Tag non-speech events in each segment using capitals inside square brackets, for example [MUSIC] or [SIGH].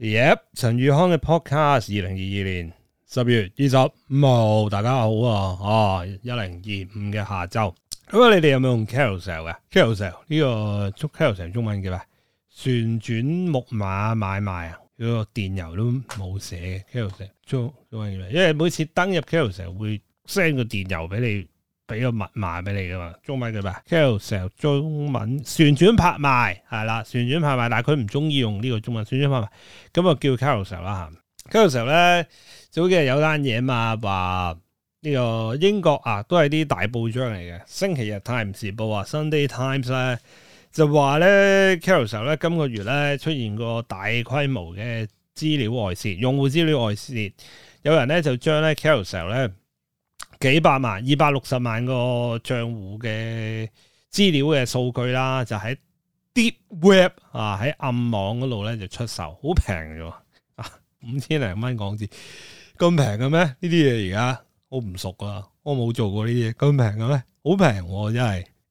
Yep，陳宇康嘅 podcast，二零二二年十月二十五號，大家好啊，哦、啊，一零二五嘅下晝，咁啊，你哋有冇用 Carousel 嘅、啊、Carousel 呢、這個 Carousel 中文叫咩？旋轉木馬買賣啊，個電郵都冇寫 Carousel 中中文叫咩？因為每次登入 Carousel 會 send 個電郵俾你。俾個密碼俾你噶嘛中文嘅嘛 Carousell 中文旋轉拍賣係啦，旋轉拍賣，但係佢唔中意用呢個中文旋轉拍賣，咁啊叫 Carousell 啦嚇。Carousell 咧早幾日有單嘢啊嘛，話呢個英國啊都係啲大報章嚟嘅，星期日《Times》報啊，《Sunday Times》咧就話咧 Carousell 咧今個月咧出現個大規模嘅資料外泄，用戶資料外泄，有人咧就將咧 Carousell 咧。幾百萬、二百六十萬個賬戶嘅資料嘅數據啦，就喺 Deep Web 啊，喺暗網嗰度咧就出售，好平嘅喎，五千零蚊港紙咁平嘅咩？呢啲嘢而家我唔熟我啊，我冇做過呢啲嘢，咁平嘅咩？好平喎，真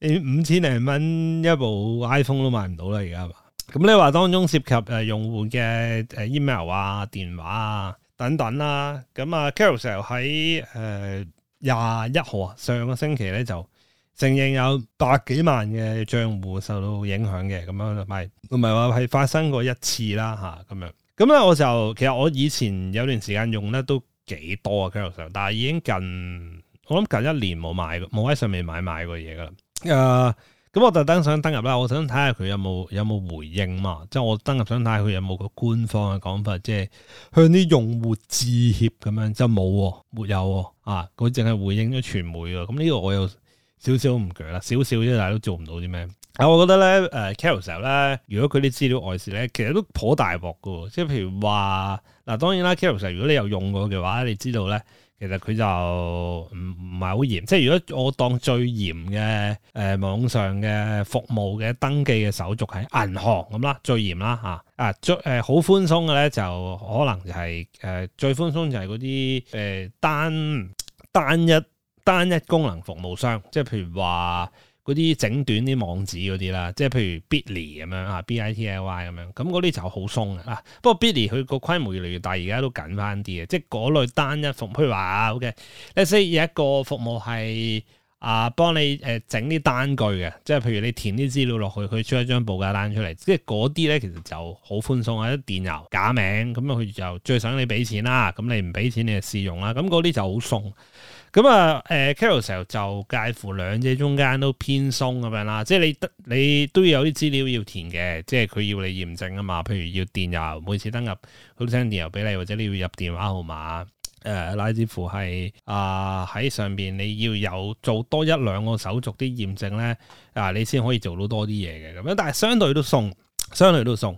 係五千零蚊一部 iPhone 都買唔到啦，而家嘛。咁你話當中涉及誒用戶嘅誒 email 啊、電話啊等等啦，啊，咁啊，Carousell 喺誒。廿一號啊，上個星期咧就承認有百幾萬嘅賬戶受到影響嘅，咁樣唔係唔係話係發生過一次啦，吓，咁樣咁咧我就其實我以前有段時間用得都幾多啊，基本上，但係已經近我諗近一年冇買冇喺上面買買過嘢噶啦，誒、呃，咁我特登想登入啦，我想睇下佢有冇有冇回應嘛，即係我登入想睇下佢有冇個官方嘅講法，即係向啲用戶致歉咁樣，即係冇，沒有、啊。啊！佢淨係回應咗傳媒啊，咁、這、呢個我又少少唔舉啦，少少啫，但係都做唔到啲咩。啊，我覺得咧，誒，Carousel 咧，如果佢啲資料外洩咧，其實都頗大鑊㗎。即係譬如話，嗱，當然啦，Carousel，如果你有用過嘅話，你知道咧。其實佢就唔唔係好嚴，即係如果我當最嚴嘅誒、呃、網上嘅服務嘅登記嘅手續喺銀行咁啦，最嚴啦嚇，啊最誒好、呃、寬鬆嘅咧就可能就係、是、誒、呃、最寬鬆就係嗰啲誒單單一單一功能服務商，即係譬如話。嗰啲整短啲網址嗰啲啦，即係譬如 bitly 咁樣啊，b i t l y 咁樣，咁嗰啲就好鬆啊。不過 bitly 佢個規模越嚟越大，而家都緊翻啲嘅。即係嗰類單一服務，譬如話 OK 你識有一個服務係啊幫你誒、呃、整啲單據嘅，即係譬如你填啲資料落去，佢出一張報價單出嚟。即係嗰啲咧，其實就好寬鬆啊，啲電郵假名咁啊，佢就最想你俾錢啦。咁你唔俾錢，你就試用啦。咁嗰啲就好鬆。咁啊，誒、嗯、Carousell 就介乎兩者中間都偏鬆咁樣啦，即係你得你都要有啲資料要填嘅，即係佢要你驗證啊嘛。譬如要電郵，每次登入都 send 電郵俾你，或者你要入電話號碼，誒、呃，乃至乎係啊喺上邊你要有做多一兩個手續啲驗證咧啊、呃，你先可以做到多啲嘢嘅咁樣。但係相對都鬆，相對都鬆。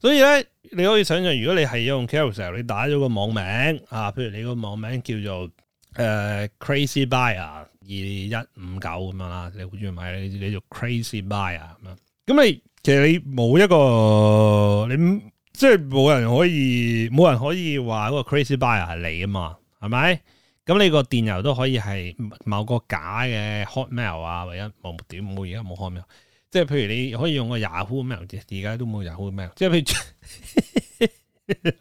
所以咧，你可以想象，如果你係用 Carousell，你打咗個網名啊，譬如你個網名叫做。誒、uh, crazy buyer 二一五九咁樣啦，你好中意買你你做 crazy buyer 咁樣。咁你其實你冇一個你即係冇人可以冇人可以話嗰個 crazy buyer 係你啊嘛，係咪？咁你個電郵都可以係某個假嘅 Hotmail 啊，或者冇點冇而家冇 Hotmail，即係譬如你可以用個 Yahoo mail 而家都冇 Yahoo mail，即係譬如。 [LAUGHS] [LAUGHS]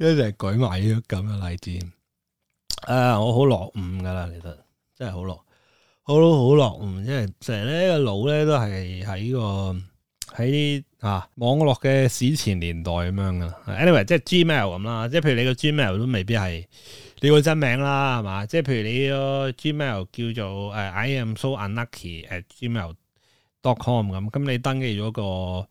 一直係舉埋呢個咁嘅例子，誒、呃，我好落伍噶啦，其實真係好落，好咯，好落伍，因為成日呢個腦呢都係喺、這個喺啊網絡嘅史前年代咁樣噶。Anyway，即係 Gmail 咁啦，即係譬如你個 Gmail 都未必係你個真名啦，係嘛？即係譬如你個 Gmail 叫做誒、啊、I am so unlucky at gmail.com 咁，咁你登記咗個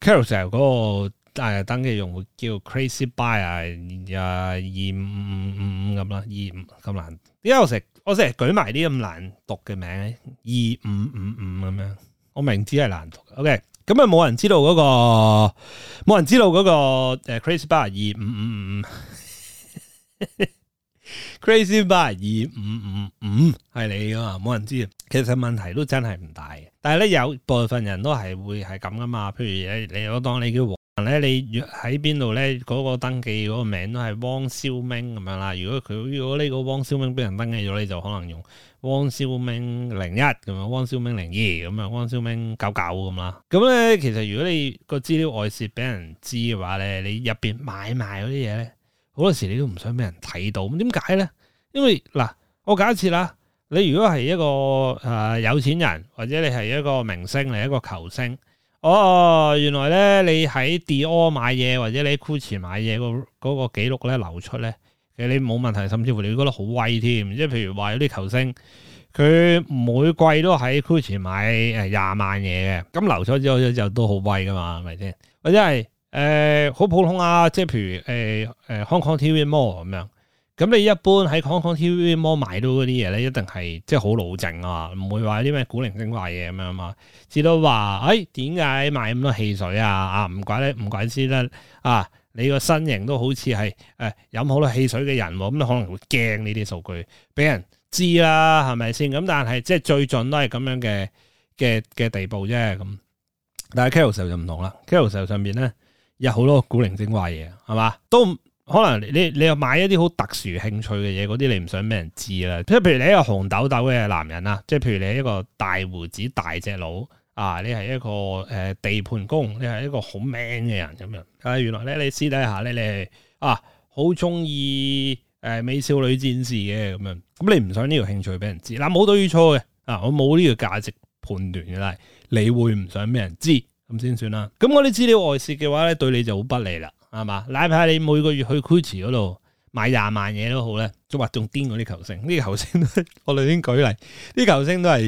Carousell 嗰、那個。誒、啊，登記用戶叫 Crazy Buyer，二五五五五咁啦，二五咁難。點解我成我成日舉埋啲咁難讀嘅名呢？二五五五咁樣，我明知係難讀。O K，咁啊冇人知道嗰、嗰個，冇人知道嗰個誒 Cra [LAUGHS] Crazy Buyer 二五五五，Crazy Buyer 二五五五係你噶嘛？冇人知。其實問題都真係唔大嘅，但係咧有部分人都係會係咁噶嘛。譬如你你我當你叫咧，你喺邊度咧？嗰、那個登記嗰個名都係汪少明咁樣啦。如果佢如果呢個汪少明俾人登記咗，你就可能用汪少明零一咁樣，汪少明零二咁樣，汪少明九九咁啦。咁、嗯、咧，其實如果你個資料外泄俾人知嘅話咧，你入邊買賣嗰啲嘢咧，好多時你都唔想俾人睇到。咁點解咧？因為嗱，我假設啦，你如果係一個誒、呃、有錢人，或者你係一個明星，嚟一個球星。哦，原來咧，你喺 Dior 買嘢或者你喺 Gucci 買嘢嗰嗰個記錄咧，流出咧，其實你冇問題，甚至乎你會覺得好威添。即係譬如話有啲球星，佢每季都喺 Gucci 買誒廿萬嘢嘅，咁流出之後就都好威噶嘛，係咪先？或者係誒好普通啊，即係譬如誒誒 Hong Kong TV Mall 咁樣。咁你一般喺康康 TVB Mall 買到嗰啲嘢咧，一定係即係好老正啊，唔會話啲咩古靈精怪嘢咁樣啊。至到話，誒點解買咁多汽水啊？啊唔怪咧，唔怪之得啊！你個身形都好似係誒飲好多汽水嘅人喎、啊，咁、嗯、可能會驚呢啲數據俾人知啦，係咪先？咁但係即係最盡都係咁樣嘅嘅嘅地步啫。咁但係 Carousell 就唔同啦，Carousell 上邊咧有好多古靈精怪嘢，係嘛都。可能你你又買一啲好特殊興趣嘅嘢，嗰啲你唔想俾人知啦。即係譬如你係個紅豆豆嘅男人啊，即係譬如你係一個大鬍子大隻佬啊，你係一個誒地盤工，你係一個好 man 嘅人咁樣。但、啊、原來咧你私底下咧你啊好中意誒美少女戰士嘅咁樣，咁、啊、你唔想呢個興趣俾人知，嗱、啊、冇對與錯嘅啊，我冇呢個價值判斷嘅啦，你會唔想俾人知咁先算啦。咁我啲資料外洩嘅話咧，對你就好不利啦。係嘛？哪怕你每個月去 Gucci 嗰度買廿萬嘢都好咧，仲話仲癲過啲球星？呢啲球星我哋先舉例，啲球星都係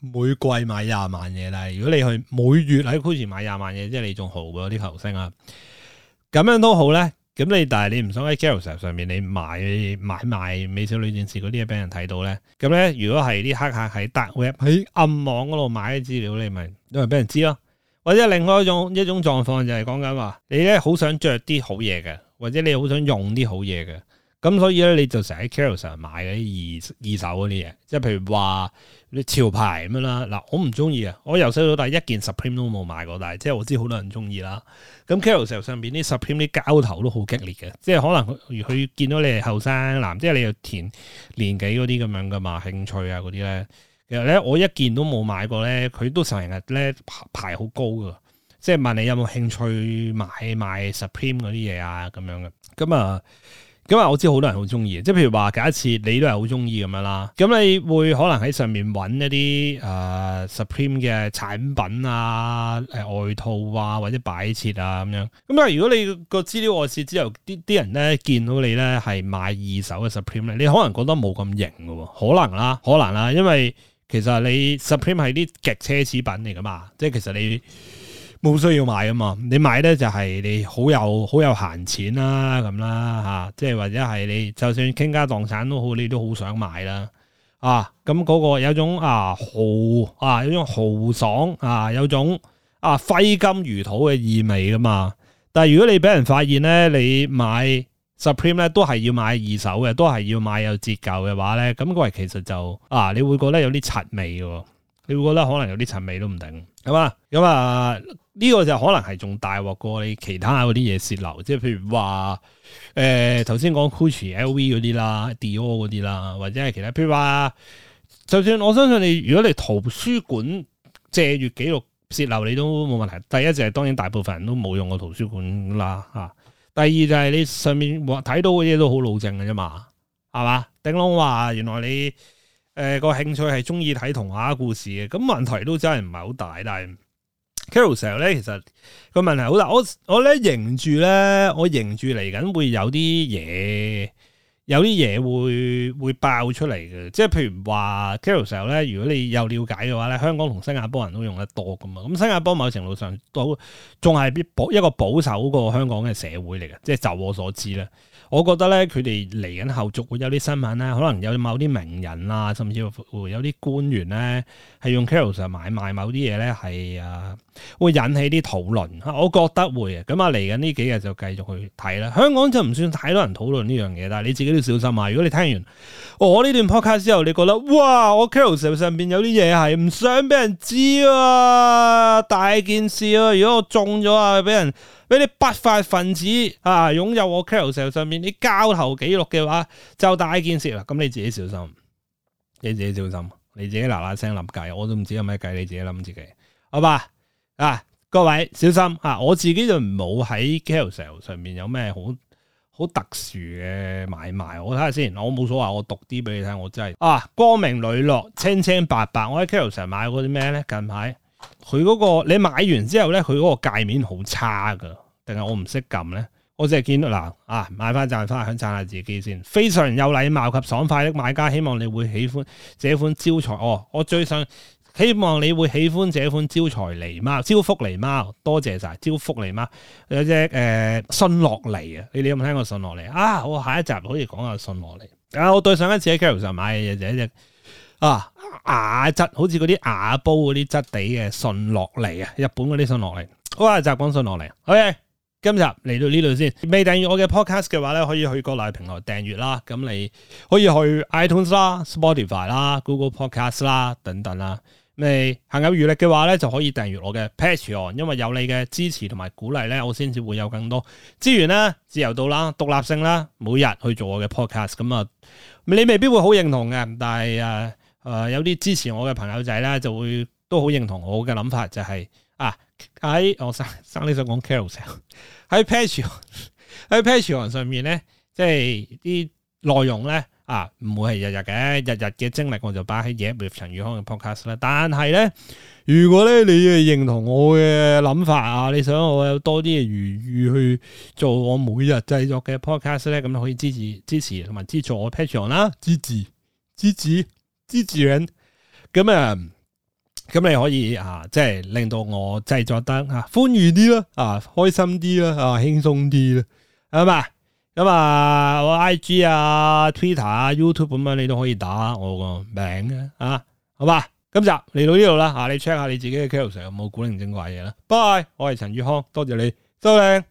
每季買廿萬嘢啦。但如果你去每月喺 Gucci 買廿萬嘢，即係你仲豪過啲球星啊！咁樣都好咧。咁你但係你唔想喺 Carousell 上面你買買賣美少女戰士嗰啲嘢俾人睇到咧？咁咧，如果係啲黑客喺 Dark Web 喺暗網嗰度買啲資料，你咪因為俾人知咯。或者另外一種一種狀況就係講緊話，你咧好想着啲好嘢嘅，或者你好想用啲好嘢嘅，咁所以咧你就成日喺 Carousell 買嘅啲二二手嗰啲嘢，即係譬如話啲潮牌咁樣啦。嗱，我唔中意啊，我由細到大一件 Supreme 都冇買過，但係即係我知好多人中意啦。咁 Carousell 上邊啲 Supreme 啲膠頭都好激烈嘅，即係可能佢見到你係後生男，即係你又填年紀嗰啲咁樣㗎嘛，興趣啊嗰啲咧。其實咧，我一件都冇買過咧，佢都成日咧排好高嘅，即係問你有冇興趣買買 Supreme 嗰啲嘢啊咁樣嘅。咁啊，咁啊，我知好多人好中意，即係譬如話假設你都係好中意咁樣啦，咁你會可能喺上面揾一啲誒、呃、Supreme 嘅產品啊，誒外套啊或者擺設啊咁樣。咁但係如果你個資料外洩之後，啲啲人咧見到你咧係買二手嘅 Supreme 咧，你可能覺得冇咁型嘅喎，可能啦，可能啦，因為。其實你 Supreme 係啲極奢侈品嚟噶嘛，即係其實你冇需要買噶嘛，你買咧就係你好有好有閒錢啦咁啦吓，即係或者係你就算傾家蕩產都好，你都好想買啦啊！咁嗰個有種啊豪啊，有種豪爽啊，有種啊揮金如土嘅意味噶嘛，但係如果你俾人發現咧，你買。Supreme 咧都係要買二手嘅，都係要買有折舊嘅話咧，咁、那、佢、個、其實就啊，你會覺得有啲塵味嘅，你會覺得可能有啲塵味都唔定，係嘛？咁啊呢、這個就可能係仲大鑊過你其他嗰啲嘢洩漏，即係譬如話誒頭先講 Gucci、LV 嗰啲啦，Dior 嗰啲啦，或者係其他譬如話，就算我相信你，如果你圖書館借閱記錄洩漏，你都冇問題。第一就係當然大部分人都冇用過圖書館啦，吓、啊。第二就係你上面睇到嗰啲都好老正嘅啫嘛，係嘛？頂龍話原來你誒個興趣係中意睇童話故事嘅，咁問題都真係唔係好大，但係 Carousell 成日 l 咧其實個問題好大。我我咧迎住咧，我迎住嚟緊會有啲嘢。有啲嘢會會爆出嚟嘅，即係譬如話 Carousell 咧，如果你有了解嘅話咧，香港同新加坡人都用得多㗎嘛。咁新加坡某程度上都仲係保一個保守過香港嘅社會嚟嘅，即係就我所知咧。我覺得咧，佢哋嚟緊後續會有啲新聞咧，可能有某啲名人啊，甚至乎有啲官員咧，係用 Carousell 買賣某啲嘢咧，係啊，會引起啲討論。我覺得會啊，咁啊嚟緊呢幾日就繼續去睇啦。香港就唔算太多人討論呢樣嘢啦，但你自己都要小心啊。如果你聽完我呢段 podcast 之後，你覺得哇，我 Carousell 上邊有啲嘢係唔想俾人知啊，大件事啊，如果我中咗啊，俾人～俾啲不法分子啊，擁有我 Karo 石上面啲交投記錄嘅話，就大件事啦。咁你自己小心，你自己小心，你自己嗱嗱聲諗計，我都唔知有咩計，你自己諗自己，好吧？啊，各位小心啊！我自己就冇喺 Karo 石上面有咩好好特殊嘅買賣，我睇下先。我冇所話，我讀啲俾你睇。我真係啊，光明磊落，清清白白。我喺 Karo 石買過啲咩咧？近排。佢嗰、嗰個你買完之後咧，佢嗰個界面好差噶，定係我唔識撳咧？我淨係見到嗱啊，買翻賺翻想賺下自己先。非常有禮貌及爽快的買家，希望你會喜歡這款招財、哦。我最想希望你會喜歡這款招財狸貓，招福狸貓。多謝晒招福狸貓、啊，有隻誒、呃、信樂嚟啊！你有冇聽過信樂嚟啊？我下一集可以講下信樂嚟啊！我對上一次喺 Carousell 買嘅嘢就一隻。啊！瓦質好似嗰啲瓦煲嗰啲質地嘅信落嚟啊，日本嗰啲信落嚟，好啊！集光信落嚟，OK。今日嚟到呢度先，未訂閱我嘅 podcast 嘅話咧，可以去各大平台訂閱啦。咁你可以去 iTunes 啦、Spotify 啦、Google Podcast 啦等等啦。未行有餘力嘅話咧，就可以訂閱我嘅 Patreon，因為有你嘅支持同埋鼓勵咧，我先至會有更多資源啦、自由度啦、獨立性啦，每日去做我嘅 podcast。咁啊，你未必會好認同嘅，但係誒。誒、呃，有啲支持我嘅朋友仔咧，就會都好認同我嘅諗法，就係、是、啊，喺、哎、我生生呢想講 Carol 喺 Patreon 喺 Patreon 上上面咧，即係啲內容咧啊，唔會係日日嘅，日日嘅精力我就擺喺嘢。陳宇康嘅 Podcast 啦，但係咧，如果咧你係認同我嘅諗法啊，你想我有多啲嘅餘裕去做我每日製作嘅 Podcast 咧，咁可以支持支持同埋支助我 Patreon 啦，支持支持，支持。支持支持人，咁啊，咁你可以啊，即、就、係、是、令到我製作得啊，歡愉啲啦，啊，開心啲啦，啊，輕鬆啲啦，係、啊、嘛，咁啊，啊，我 I G 啊，Twitter 啊，YouTube 咁、啊、樣你都可以打我個名啊，好嘛，今集嚟到呢度啦，啊，你 check 下你自己嘅 Carousell 有冇古靈精怪嘢啦，Bye，我係陳宇康，多謝你，收聽。